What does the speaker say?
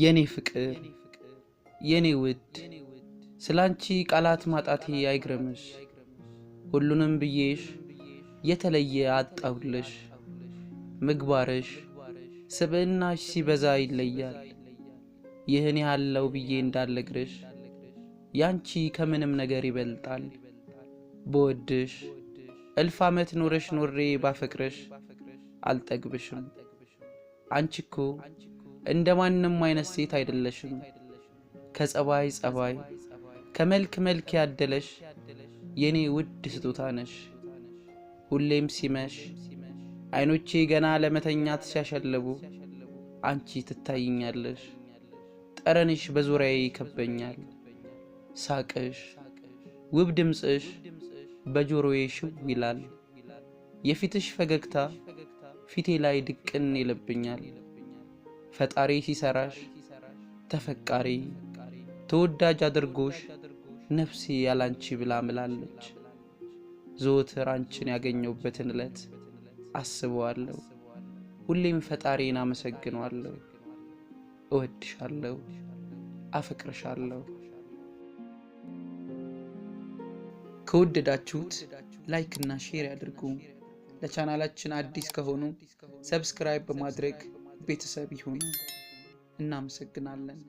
የኔ ፍቅር የኔ ውድ ስላንቺ ቃላት ማጣቴ አይግረምሽ። ሁሉንም ብዬሽ የተለየ አጣሁልሽ። ምግባርሽ ስብዕናሽ ሲበዛ ይለያል። ይህን ያለው ብዬ እንዳልነግርሽ ያንቺ ከምንም ነገር ይበልጣል። በወድሽ እልፍ ዓመት ኖረሽ ኖሬ ባፈቅረሽ አልጠግብሽም አንቺኮ እንደ ማንም አይነት ሴት አይደለሽም። ከጸባይ ጸባይ፣ ከመልክ መልክ ያደለሽ የኔ ውድ ስጦታ ነሽ። ሁሌም ሲመሽ አይኖቼ ገና ለመተኛት ሲያሸለቡ አንቺ ትታይኛለሽ። ጠረንሽ በዙሪያዬ ይከበኛል። ሳቅሽ፣ ውብ ድምፅሽ በጆሮዬ ሽው ይላል። የፊትሽ ፈገግታ ፊቴ ላይ ድቅን ይለብኛል። ፈጣሪ ሲሰራሽ ተፈቃሪ ተወዳጅ አድርጎሽ ነፍሴ ያላንቺ ብላ ምላለች። ዘወትር አንቺን ያገኘሁበትን ዕለት አስበዋለሁ። ሁሌም ፈጣሪን አመሰግነዋለሁ። እወድሻለሁ፣ አፈቅርሻለሁ። ከወደዳችሁት ላይክ እና ሼር ያድርጉ። ለቻናላችን አዲስ ከሆኑ ሰብስክራይብ በማድረግ ቤተሰብ ይሁን። እናመሰግናለን።